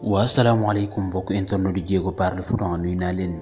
waa asalaamaaleykum bokk internet di Diégo parle foot ah, nuyu naa leen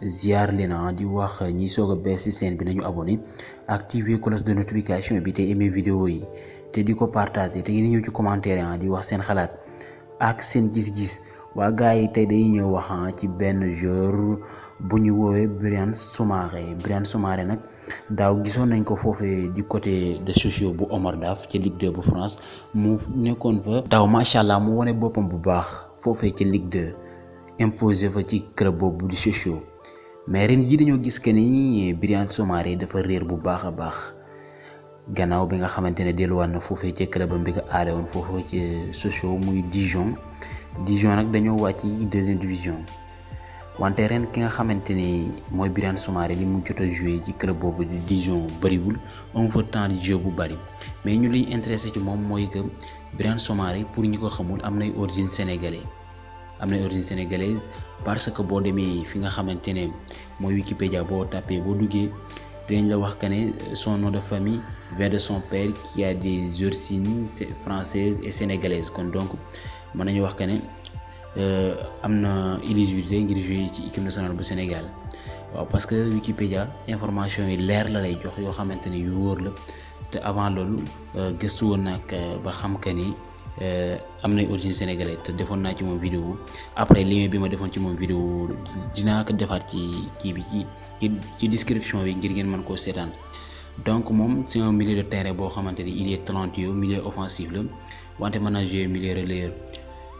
ziar leen ah, di wax ñi soog a bees ci seen bi nañu abonné activer cloche de notification bi te aimé vidéo yi te di ko partager te ngeen ñëw ci commentaire ah, di wax seen xalaat ak seen gis-gis waa gars yi tey dañuy ñëw wax ci benn jour bu ñu woowee Bryan Soumaré Bryan Soumaré nag daaw gisoon nañ ko foofee du côté de sociaux bu Omar Daf ci Ligue 2 bu France mu nekkoon fa daaw macha allah mu wane boppam bu baax. foofee ci Ligue 2 imposé fa ci club boobu di Sochaux mais ren ji dañoo gis que ni Biran Soumaré dafa réer bu baax a baax gannaaw bi nga xamante ne delluwaat na foofee ci club am bi ko aade woon foofee ci Sochaux muy Dijon Dijon nag dañoo wàcc deuxième division. wante ren ki nga xamante moy mooy Birane Soumaré li mu jot jouer ci club bobu di Dijon bëriwul un peu temps de jeu bu bari mais ñu li intéressé ci mom moy que Birane Soumaré pour ñi ko xamul am origine sénégalais am origine sénégalaise parce que boo demee fi nga xamante moy mooy Wikipédia boo tapé bo duggé dinañ la wax que ne son nom de famille vient de son père qui a des origines françaises et sénégalaises kon donc man nañu wax que ne. Euh, am na éligibilité ngir jouer ci équipe nationale bu Sénégal waaw parce que Wikipédia information yi leer la lay jox yoo xamante ni yu wóor la te avant loolu euh, gëstu woon nag euh, ba xam que ni am nañ origine sénégalaise te defoon naa ci moom vidéo après lien bi ma defoon ci moom vidéo dinaa ko defaat ci kii bi ci ci description bi ngir ngeen mën koo seetaan donc moom c'est un milieu de terrain boo xamante ni il est talentueux milieu offensif la wante mën naa jouer milieu relayeur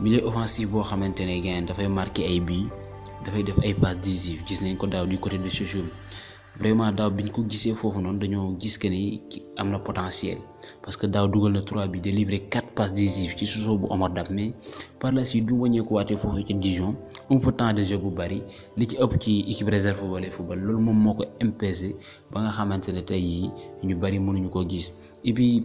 milieu offensif boo xamante ne gars dafay marqué ay bii dafay def ay passes décisives gis nañ ko daaw du côté de Sochaux vraiment daaw biñ ko gisee foofu noonu dañoo gis que ni am na potentiel parce que daaw dugal na 3 bi délivré 4 passes décisives ci Sochaux bu Omar Daf mais par la suite bi mu wàññeeku waatee foofu ci Dijon un peu temps de jeu bu bari li ci ëpp ci équipe réserve wala football loolu moom moo ko empêché ba nga xamante ne tey yi ñu bari mënuñu ko gis et puis